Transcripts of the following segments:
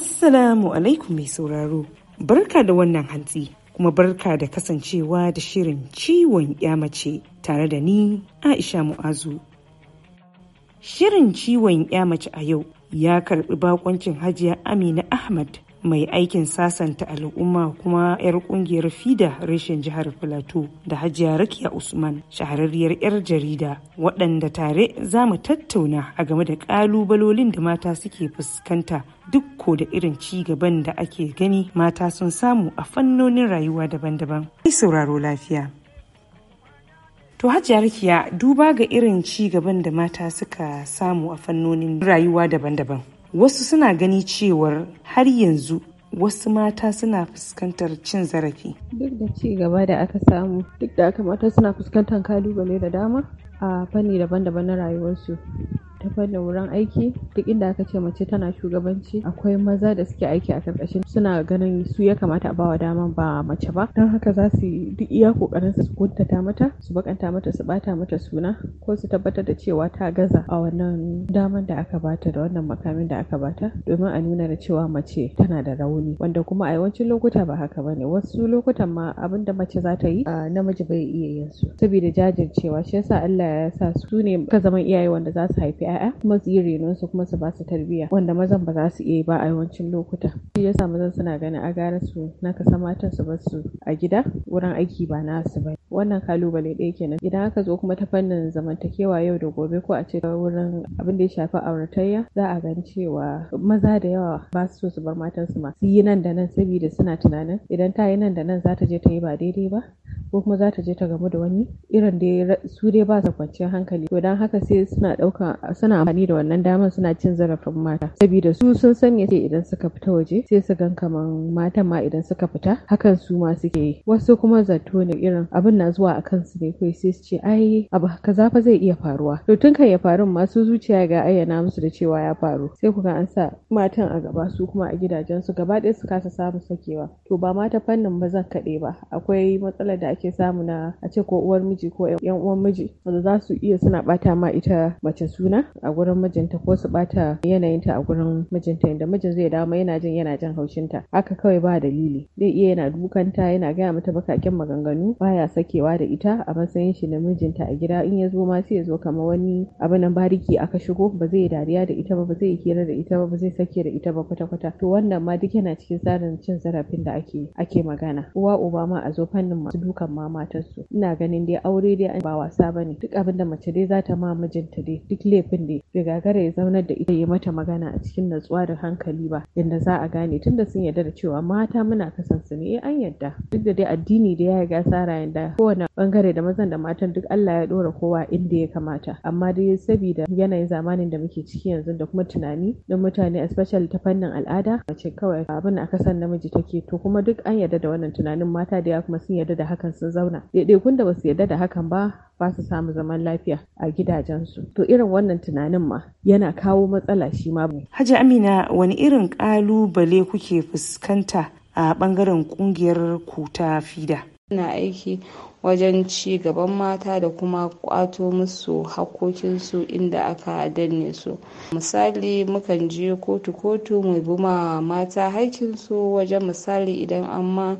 Assalamu alaikum mai sauraro, barka da wannan hantsi kuma barka da kasancewa da shirin ciwon mace tare da ni Aisha Mu'azu. Shirin ciwon mace a yau ya karɓi bakoncin Hajiya Amina Ahmad mai aikin sasanta al'umma kuma 'yar kungiyar fida reshen jihar filato da hajiya rakiya usman shahararriyar 'yar jarida waɗanda tare za mu tattauna a game da ƙalubalolin da mata suke fuskanta duk ko da irin ci gaban da ake gani mata sun samu a fannonin rayuwa daban-daban. sauraro lafiya. To Hajiya Rakiya duba ga irin ci gaban da mata suka samu a fannonin rayuwa daban-daban. wasu suna gani cewar har yanzu wasu mata suna fuskantar cin zarafi duk da ci gaba da aka samu duk da aka mata suna fuskantar kalubale da dama a fanni daban-daban na rayuwarsu ta fannin wurin aiki duk inda aka ce mace tana shugabanci akwai maza da suke aiki a karkashin suna ganin su ya kamata a bawa daman ba mace ba don haka za su yi duk iya kokarin su kuntata mata su bakanta mata su bata mata suna ko su tabbatar da cewa ta gaza a wannan daman da aka bata da wannan makamin da aka bata domin a nuna da cewa mace tana da rauni wanda kuma a yawancin lokuta ba haka bane wasu lokutan ma abin da mace za ta yi namiji bai iya yin su saboda jajircewa shi yasa Allah ya sa su ne ka zaman iyaye wanda za su haifi 'ya'ya kuma su yi renon su kuma su ba su tarbiyya wanda mazan ba za su iya yi ba a yawancin lokuta shi yasa bazan suna ganin a gara su na kasa matan su basu a gida wurin aiki ba na su ba wannan kalubale ɗaya kenan idan aka zo kuma ta fannin zamantakewa yau da gobe ko a ce wurin abin da ya shafi auratayya za a gan cewa maza da yawa ba su so su bar matan su ma su yi nan da nan sabida suna tunanin idan ta yi nan da nan za ta je ta yi ba daidai ba ko kuma za ta je ta gamu da wani irin da su dai ba su kwanciyar hankali to dan haka sai suna dauka suna amfani da wannan damar suna cin zarafin mata saboda su sun sanya sai idan suka fita waje sai su gan kaman matan ma idan suka fita hakan su ma suke yi wasu kuma zato ne irin abin na zuwa a kansu ne kai sai su ce ai abu kaza fa zai iya faruwa to tun kan ya faru masu zuciya ga ayyana musu da cewa ya faru sai ku ga an sa matan a gaba su kuma a gidajen su gaba ɗaya su kasa samu sakewa to ba mata fannin ba zan kaɗe ba akwai matsalar da ake samu na a ce ko uwar miji ko yan uwan miji wanda za su iya suna bata ma ita mace suna a gurin mijinta ko su bata ta a gurin mijinta inda mijin zai dama yana jin yana jin ta haka kawai ba dalili zai iya yana dukanta yana gaya mata bakaken maganganu baya sakewa da ita a matsayin shi na mijinta a gida in ya zo ma sai ya zo kamar wani abu nan bariki aka shigo ba zai dariya da ita ba ba zai hira da ita ba ba zai sake da ita ba kwata kwata to wannan ma duk yana cikin tsarin cin zarafin da ake ake magana uwa uba ma a zo fannin masu dukan kan ma su ina ganin dai aure dai ba wasa bane duk abin da mace dai zata ma mijinta dai duk laifin dai bai gare ya zaunar da ita ya mata magana a cikin natsuwa da hankali ba yadda za a gane tunda sun yarda da cewa mata muna kasance ne eh an yarda duk da dai addini da ya gasa tsara yadda kowane bangare da mazan da matan duk Allah ya dora kowa inda ya kamata amma dai saboda yanayin zamanin da muke ciki yanzu da kuma tunani na mutane especially ta fannin al'ada mace kawai abin a kasan namiji take to kuma duk an yarda da wannan tunanin mata da ya kuma sun yarda da hakan sun zauna ɗaiɗaikun da basu yarda da hakan ba ba su samu zaman lafiya a gidajensu to irin wannan tunanin ma yana kawo matsala shi ma haji amina wani irin ƙalubale kuke fuskanta a ɓangaren ƙungiyar ku ta fida ina aiki wajen ci gaban mata da kuma kwato musu hakokinsu inda aka danne su misali mukan je kotu-kotu mu buma mata haƙƙinsu wajen misali idan an ma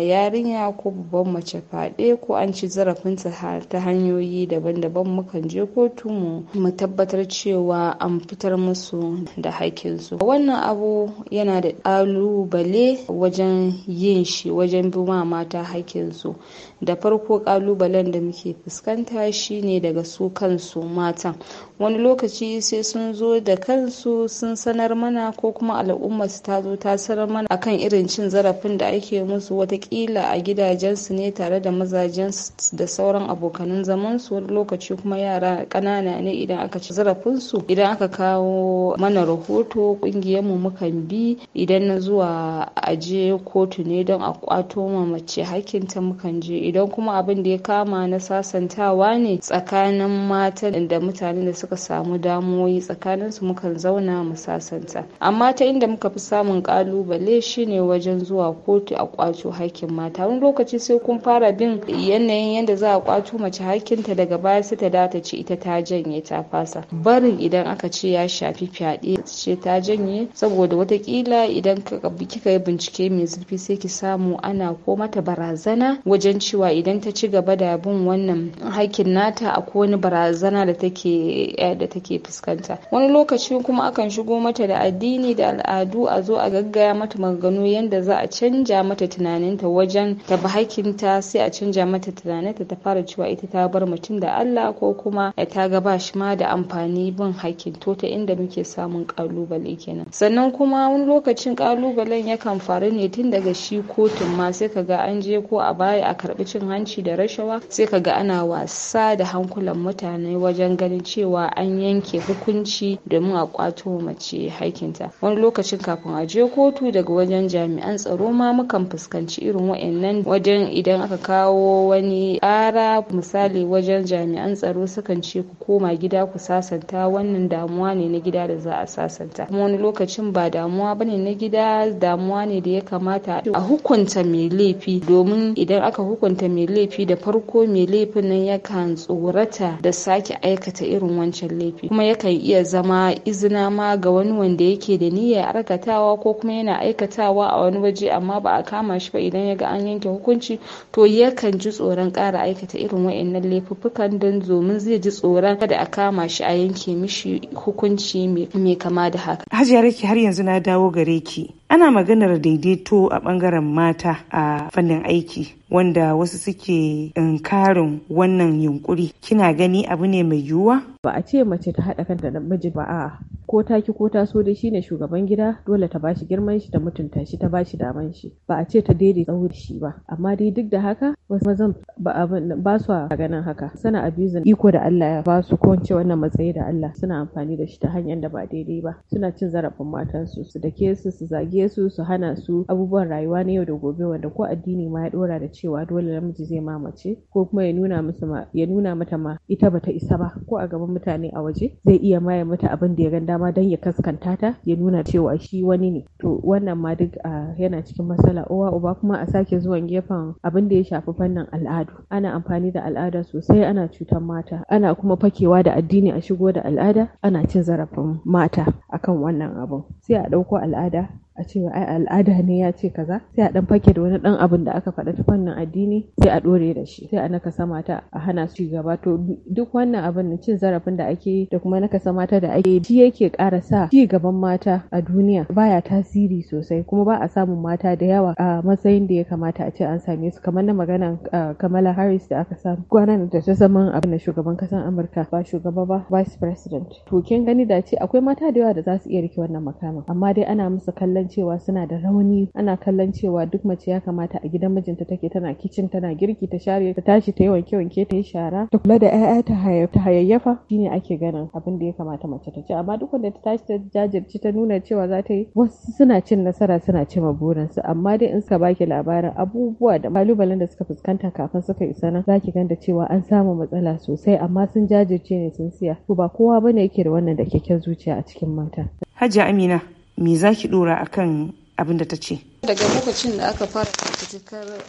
yarinya ko babban mace faɗe ko an ci zarafinta ta hanyoyi daban-daban mukan je kotu mu tabbatar cewa an fitar musu da haƙƙinsu wannan abu yana da ƙalubale wajen yin shi wajen buma mata haƙƙinsu da far farko kalubalen da muke fuskanta shine daga su kansu matan wani lokaci sai sun zo da kansu sun sanar mana ko kuma al'umma su ta zo ta sanar mana akan irin cin zarafin da ake musu watakila a gidajensu ne tare da mazajen da sauran abokanin zaman su wani lokaci kuma yara ƙanana ne idan aka ci zarafin su idan aka kawo mana rahoto kungiyar mu mukan bi idan na zuwa aje kotu ne don a kwato ma mace hakinta mukan je idan kuma kuma abin da ya kama na sasantawa ne tsakanin matan da mutanen da suka samu damuwoyi tsakanin su mukan zauna mu sasanta amma ta inda muka fi samun kalubale shine wajen zuwa kotu a kwato hakkin mata wani lokaci sai kun fara bin yanayin yadda za a kwato mace hakkinta daga baya sai ta data ce ita ta janye ta fasa barin idan aka ce ya shafi fyaɗe ce ta janye saboda watakila idan kika yi bincike mai zurfi sai ki samu ana ko mata barazana wajen cewa idan idan ta ci gaba da bin wannan hakkin nata akwai wani barazana da take eh, da take fuskanta wani lokaci kuma akan shigo mata da addini da al'adu a zo a gaggaya mata maganganu yadda za a canja mata tunaninta wajen ta bi hakkinta sai a canja mata tunaninta ta fara cewa ita ta bar mutum da Allah ko kuma eh, ta ga ba shi ma da amfani bin hakkin to ta inda muke samun kalubale kenan sannan kuma wani lokacin kalubalen yakan faru ne tun daga shi kotun ma sai ka ga an je ko a baya a karbi cin hanci hanci da rashawa sai kaga ana wasa da hankulan mutane wajen ganin cewa an yanke hukunci domin a kwato mace haikinta wani lokacin kafin a je kotu daga wajen jami'an tsaro ma mukan fuskanci irin wa'annan wajen idan aka kawo wani ƙara misali wajen jami'an tsaro sukan ce ku koma gida ku sasanta wannan damuwa ne na gida da za a sasanta kuma wani lokacin ba damuwa ne na gida damuwa ne da ya kamata a hukunta mai laifi domin idan aka hukunta mai laifi da farko mai laifin nan yakan tsorata da sake aikata irin wancan laifi kuma yakan iya zama izina ma ga wani wanda yake da niyyar aikatawa ko kuma yana aikatawa a wani waje amma ba a kama shi ba idan ya ga an yanke hukunci to yakan ji tsoron kara aikata irin wa'annan laifuffukan don domin zai ji tsoron kada a kama shi a yanke mishi hukunci mai kama da haka. Hajiya Rake har yanzu na dawo gare ki. ana maganar daidaito a bangaren mata a fannin aiki wanda wasu suke inkarin wannan yunkuri kina gani abu ne mai yiwuwa ba a ce mace ta haɗa kanta da miji ba a ko ta ki ko ta so da shi ne shugaban gida dole ta bashi girman shi ta mutunta shi ta bashi daman shi ba a ce ta daidai tsawo da shi ba amma dai duk da haka wasu mazan ba su a ganin haka suna abuzin iko da Allah ya ba su kowace wannan matsayi da Allah suna amfani da shi ta hanyar da ba daidai ba suna cin zarafin matan su su dake su su zage su su hana su abubuwan rayuwa na yau da gobe wanda ko addini ma ya dora da cewa dole namiji zai mamace ko kuma ya nuna musu ya nuna mata ma ita bata isa ba ko a gaban mutane a waje zai iya maye mata abin da ya ganda dama don ya kaskanta ta ya nuna cewa shi wani ne to wannan ma duk yana cikin matsala uwa uba kuma a sake zuwan gefen abin da ya shafi fannin al'adu ana amfani da al'ada sosai ana cutar mata ana kuma fakewa da addini a shigo da al'ada ana cin zarafin mata akan wannan abun sai a ɗauko al'ada a ce ai al'ada ne ya ce kaza sai a dan fake da wani dan abin da aka faɗa ta fannin addini sai a dore da shi sai a nakasa mata a hana su gaba to duk wannan abin cin zarafin da ake da kuma nakasa mata da ake shi yake ƙara sa ci gaban mata a duniya baya tasiri sosai kuma ba a samun mata da yawa a matsayin da ya kamata a ce an same su kamar na magana Kamala Harris da aka samu kwanan da ta zama abin da shugaban kasan Amurka ba shugaba ba vice president to kin gani da ce akwai mata da yawa da za su iya rike wannan makama amma dai ana musu kallon kallon cewa suna da rauni ana kallon cewa duk mace ya kamata a gidan mijinta take tana kicin tana girki ta share ta tashi ta yi wanke wanke ta yi shara ta kula da 'ya'ya ta hayayyafa shine ake ganin abin da ya kamata mace ta ci amma duk wanda ta tashi ta jajirci ta nuna cewa za ta yi wasu suna cin nasara suna cima burinsu amma dai in suka baki labarin abubuwa da kalubalen da suka fuskanta kafin suka isa nan zaki da cewa an samu matsala sosai amma sun jajirce ne sun siya to ba kowa bane yake da wannan da keken zuciya a cikin mata Hajiya Amina me za ki dora akan abin da ta ce daga lokacin da aka fara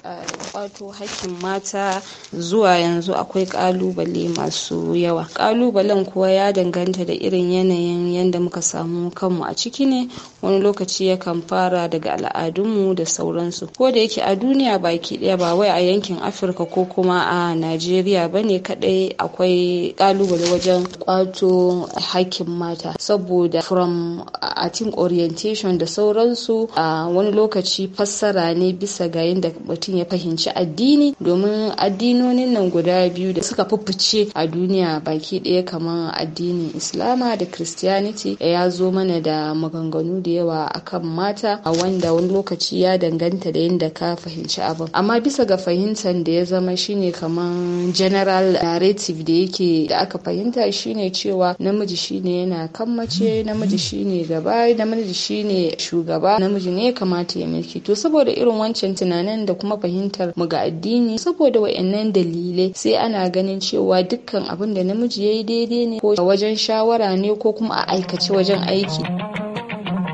a eh, kwato hakkin mata zuwa yanzu akwai kalubale masu yawa kalubalen kuwa ya danganta da irin yanayin yadda muka samu kanmu a ciki ne wani lokaci yakan fara daga al'adunmu da sauransu ko da yake a duniya baki daya ba wai a yankin afirka ko kuma a najeriya ba ne kadai akwai kalubale wajen kwato hakkin mata saboda from a uh, orientation da sauransu a uh, wani lokaci lokaci fassara ne bisa ga yadda mutum ya fahimci addini domin addinonin nan guda biyu da suka fuffuce a duniya baki ɗaya kamar addinin islama da christianity eh, ya zo mana da maganganu da yawa akan mata a wanda wani lokaci ya danganta da yadda ka fahimci abin amma bisa ga fahimtar da ya zama shine kamar general narrative da yake da aka fahimta shine cewa namiji shine yana kan mace namiji shine gaba namiji shine shugaba namiji ne kamata ya mulki to saboda irin wancan tunanin da kuma fahimtar mu ga addini saboda wayannan dalilai sai ana ganin cewa dukkan abin da namiji ya yi daidai ne ko wajen shawara ne ko kuma a aikace wajen aiki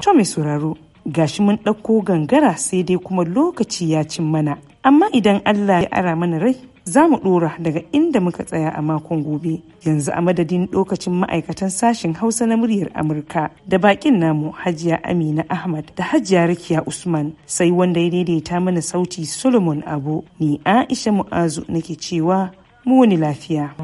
to mai sauraro gashi mun ɗauko gangara sai dai kuma lokaci ya cin mana amma idan Allah ya ara mana rai za mu dora daga inda muka tsaya a makon gobe yanzu a madadin lokacin ma'aikatan sashen hausa na muryar amurka da bakin namu hajiya amina ahmad da hajiya rakiya usman sai wanda ya daidaita mana sauti solomon abu ni aisha mu'azu nake cewa mu wani lafiya